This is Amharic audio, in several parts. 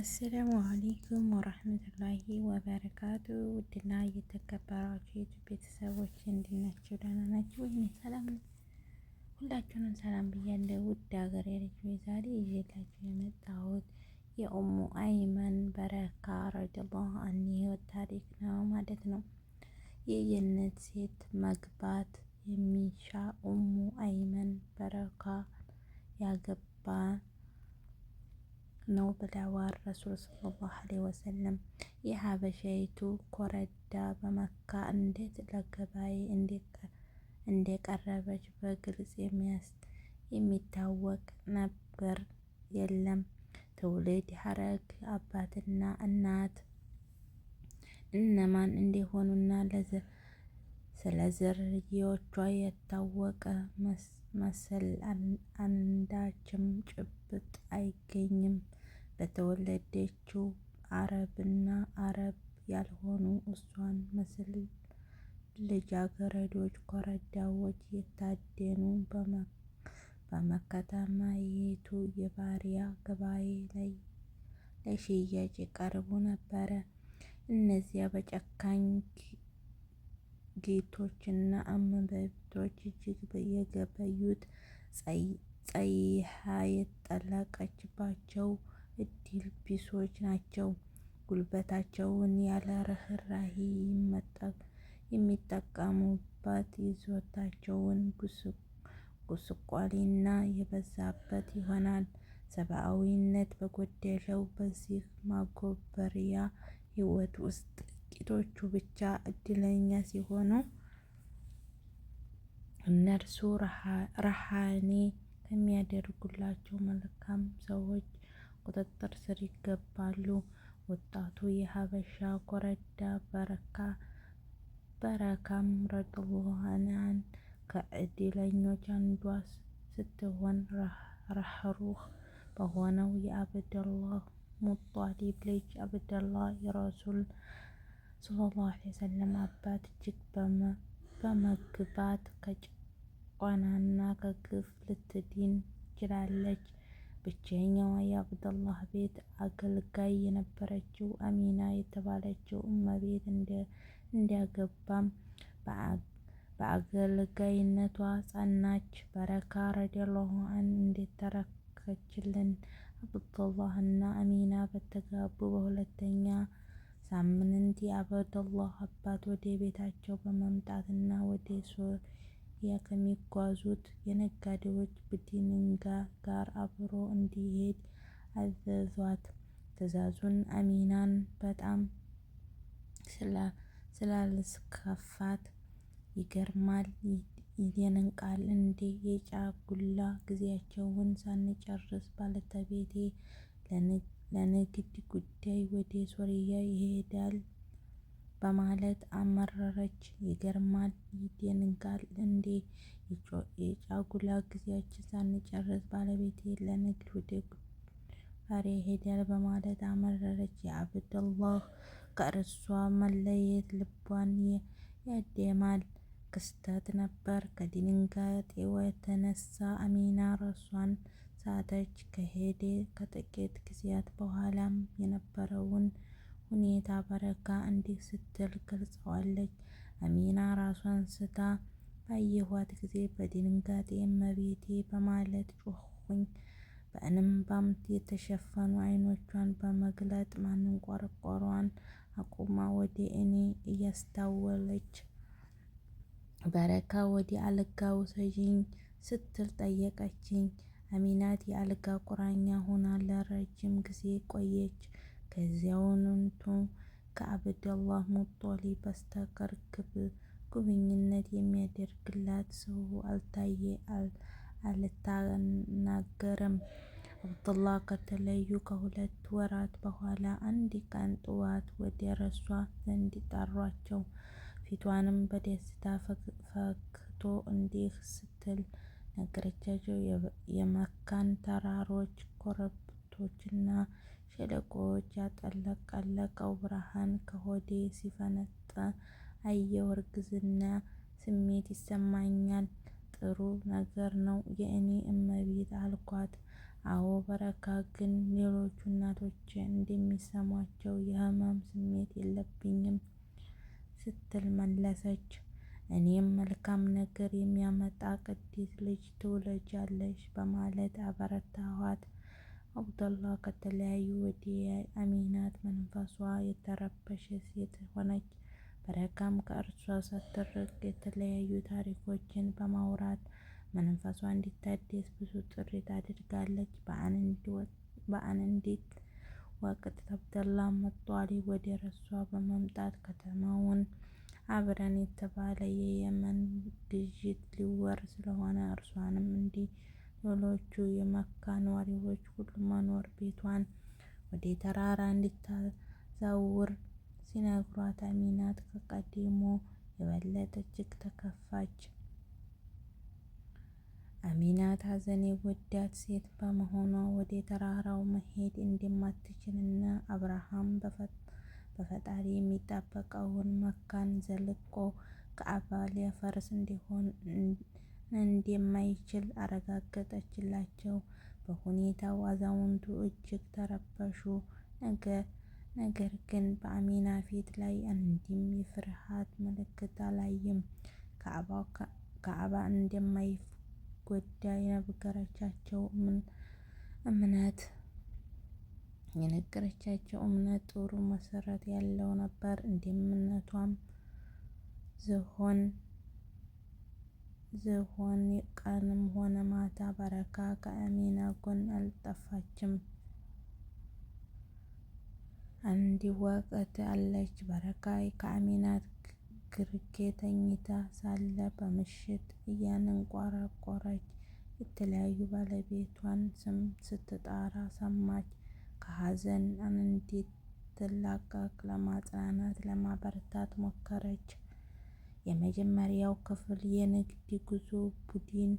አሰላሙ አለይኩም ወራህመቱላሂ ወበረካቱ። ውድና እየተከበራችሁ የዩቲዩብ ቤተሰቦች እንዴት ደህና ናችሁ ወይ? ሰላም ሁላችሁንም ሰላም ብያለሁ። ውድ ሀገሬ ልጆች ዛሬ ይዤላችሁ የመጣሁት የኡሙ አይመን በረካ ረዲየላሁ ዐንሃ ታሪክ ነው ማለት ነው። የጀነት ሴት መግባት የሚሻ ኡሙ አይመን በረካ ያገባ ነው ብለዋል ረሱል ሰለላሁ ዐለይሂ ወሰለም። የሀበሻይቱ ኮረዳ በመካ እንዴት ለገበያ እንደቀረበች በግልጽ የሚታወቅ ነገር የለም። ትውልድ ሀረግ አባትና እናት እነማን እንደሆኑና ስለ ዝርያዎቿ የታወቀ መሰል አንዳችም ጭብጥ አይገኝም። ለተወለደችው አረብና አረብ ያልሆኑ እሷን ምስል ልጃገረዶች ኮረዳዎች የታደኑ በመከተማይቱ የባሪያ ገበያ ላይ ለሽያጭ ቀርቡ ነበር። እነዚያ በጨካኝ ጌቶችና እመቤቶች እጅግ የገበዩት ፀይሃ የጠለቀችባቸው እድል ቢሶች ናቸው። ጉልበታቸውን ያለ ርህራሄ የሚጠቀሙበት ይዞታቸውን ጉስቋሌና የበዛበት ይሆናል። ሰብአዊነት በጎደለው በዚህ ማጎበሪያ ህይወት ውስጥ ጥቂቶቹ ብቻ እድለኛ ሲሆኑ፣ እነርሱ ረሃኔ ከሚያደርጉላቸው መልካም ሰዎች ቁጥጥር ስር ይገባሉ። ወጣቱ የሀበሻ ኮረዳ በረካም ረድዋናን ከእድለኞች አንዷ ስትሆን ረህሩህ በሆነው የአብደላህ ሙጧሊብ ልጅ አብደላህ የረሱል ሰለላሁ ዐለይሂ ወሰለም አባት እጅግ በመግባት ከጭቆናና ከግፍ ልትድን ችላለች። ብቸኛዋ የአብደላህ ቤት አገልጋይ የነበረችው አሚና የተባለችው እመቤት እንዲያገባም በአገልጋይነቷ ጸናች። በረካ ረዲየላሁ አን እንደተረከችልን አብደላህ እና አሚና በተጋቡ በሁለተኛ ሳምንት የአብደላህ አባት ወደ ቤታቸው በመምጣትና ወደ ኢትዮጵያ ከሚጓዙት የነጋዴዎች ቡድን ጋር አብሮ እንዲሄድ አዘዟት። ትዕዛዙን አሚናን በጣም ስላልስከፋት ይገርማል ይደንቃል እንዴ የጫጉላ ጊዜያቸውን ሳንጨርስ ባለተቤቴ ለንግድ ጉዳይ ወደ ሶሪያ ይሄዳል በማለት አመረረች። ይገርማል፣ ይደንቃል እንዴ! የጫጉላ ጊዜያችን ሳንጨርስ ባለቤቴ ለንግድ ወደ ጉዳሬ ይሄዳል በማለት አመረረች። የአብደላህ ከእርሷ መለየት ልቧን ያደማል ክስተት ነበር። ከድንጋጤ የተነሳ አሚና ራሷን ሳተች። ከሄደ ከጥቂት ጊዜያት በኋላም የነበረውን ሁኔታ በረካ እንዲህ ስትል ገልጸዋለች። አሚና ራሷን ስታ ባየኋት ጊዜ በድንጋጤ እመቤቴ በማለት ጮኽኩኝ። በእንባም የተሸፈኑ አይኖቿን በመግለጥ ማንቆርቆሯን አቁማ ወደ እኔ እያስታወለች በረካ ወደ አልጋ ውሰጂኝ ስትል ጠየቀችኝ። አሚናት የአልጋ ቁራኛ ሆና ለረጅም ጊዜ ቆየች። ከዚያውንቱ ከአብድላህ ሙጦሊ በስተቀር ጉብኝነት የሚያደርግላት ሰው አልታየ አልተናገረም። አብደላህ ከተለዩ ከሁለት ወራት በኋላ አንድ ቀን ጥዋት ወደ ረሷ ዘንድ ጠሯቸው። ፊቷንም በደስታ ፈክቶ እንዲህ ስትል ነገረቻቸው፦ የመካን ተራሮች፣ ኮረብቶች ኮረብቶችና ሸለቆዎች ያጠለቀለቀው ብርሃን ከሆዴ ሲፈነጥቅ አየሁ። እርግዝና ስሜት ይሰማኛል። ጥሩ ነገር ነው የእኔ እመቤት አልኳት። አዎ በረካ ግን ሌሎቹ እናቶች እንደሚሰማቸው የህመም ስሜት የለብኝም ስትል መለሰች። እኔም መልካም ነገር የሚያመጣ ቅዱስ ልጅ ትውለጃለች በማለት አበረታኋት። አብደላ ከተለያዩ ወዲያ አሚናት መንፈሷ የተረበሸ ሴት ሆነች። በረካም ከእርሷ ሳትርቅ የተለያዩ ታሪኮችን በማውራት መንፈሷ እንዲታደስ ብዙ ጥሪት አድርጋለች። በአንዲት ወቅት አብደላ መጧል ወደ እርሷ በመምጣት ከተማውን አብረን የተባለ የየመን ግዥት ሊወር ስለሆነ እርሷንም እንዲ ሎቹ የመካ ነዋሪዎች ሁሉ መኖር ቤቷን ወደ ተራራ እንድታዛውር ሲነግሯት አሚናት ከቀድሞ የበለጠ እጅግ ተከፋች። አሚናት ሀዘን የጎዳት ሴት በመሆኗ ወደ ተራራው መሄድ እንደማትችልና አብርሃም በፈጣሪ የሚጠበቀውን መካን ዘልቆ ከአባ ያፈርስ እንዲሆን እንደማይችል አረጋገጠችላቸው። በሁኔታው አዛውንቱ እጅግ ተረበሹ። ነገር ግን በአሚና ፊት ላይ አንድም የፍርሃት ምልክት አላየም። ከአባ እንደማይጎዳ የነገረቻቸው እምነት የነገረቻቸው እምነት ጥሩ መሰረት ያለው ነበር። እንደ እምነቷም ዝሆን ዝሆን ቀንም ሆነ ማታ በረካ ከአሚና ጎን አልጠፋችም። አንድ ወቅት አለች በረካ ከአሚና ግርጌ ተኝታ ሳለ በምሽት እያንቆራቆረች የተለያዩ ባለቤቷን ስም ስትጣራ ሰማች። ከሀዘን ትላቀቅ ለማጽናናት፣ ለማበርታት ሞከረች። የመጀመሪያው ክፍል የንግድ ጉዞ ቡድን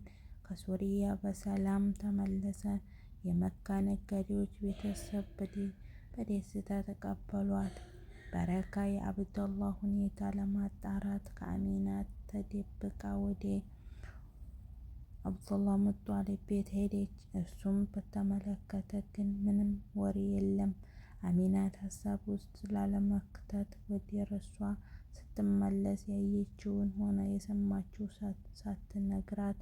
ከሶሪያ በሰላም ተመለሰ። የመካ ነጋዴዎች ቤተሰብ በደስታ ተቀበሏት። በረካ የአብደላን ሁኔታ ለማጣራት ከአሚና ተደብቃ ወደ አብዱላ ሙጧሊብ ቤት ሄደች። እሱም በተመለከተ ግን ምንም ወሬ የለም። አሚናት ሀሳብ ውስጥ ላለመክተት ወደ ስትመለስ ያየችውን ሆነ የሰማችው ሳትነግራት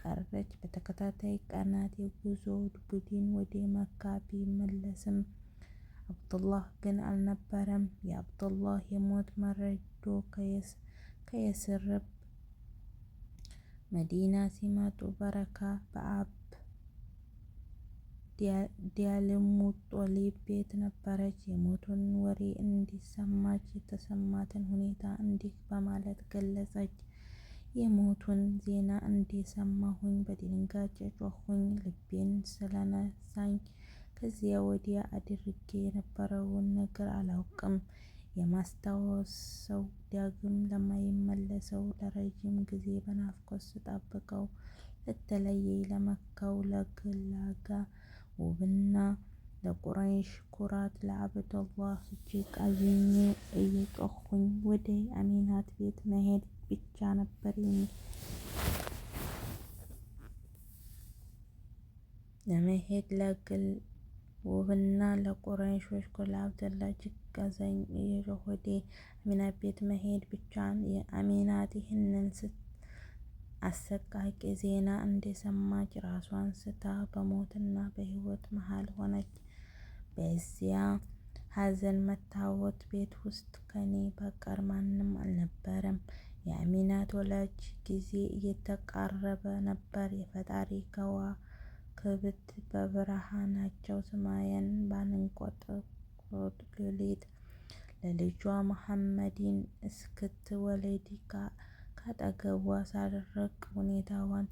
ቀረች። በተከታታይ ቀናት የጉዞ ቡድን ወደ መካ ቢመለስም አብዱላህ ግን አልነበረም። የአብዱላህ የሞት መረዶ ከየስርብ መዲና ሲመጡ በረካ ዲያልሙጦሊብ ቤት ነበረች። የሞቱን ወሬ እንዲሰማች የተሰማትን ሁኔታ እንዲህ በማለት ገለጸች። የሞቱን ዜና እንደሰማሁኝ በድንጋጤ ጮኽኩኝ፣ ልቤን ስለነሳኝ። ከዚያ ወዲያ አድርጌ የነበረውን ነገር አላውቅም። ሰው ዳግም ለማይመለሰው ለረዥም ጊዜ በናፍቆት ስጠብቀው፣ ለተለየ ለመካው ለግላጋ ውብና ለቁረይሽ ኩራት ለዓብደላህ እጅግ አዝኜ እየጮኽኩኝ ወደ አሚናት ቤት መሄድ ብቻ ነበር ለመሄድ ላግል ውብና ለቁረይሾች ለዓብደላ እጅግ አዝኜ አሚናት ቤት መሄድ ብቻ የአሚናት ይህንን ስት አሰቃቂ ዜና እንደሰማች ራሷን ስታ በሞትና በህይወት መሃል ሆነች። በዚያ ሀዘን መታወት ቤት ውስጥ ከኔ በቀር ማንም አልነበረም። የአሚናት ወላጅ ጊዜ እየተቃረበ ነበር። የፈጣሪ ክብት በብርሃናቸው ሰማያን ባንቆጠቆጥ ሌሊት ለልጇ መሐመድን እስክትወልድ ከአጠገቧ ሳልረቅ ሁኔታዋን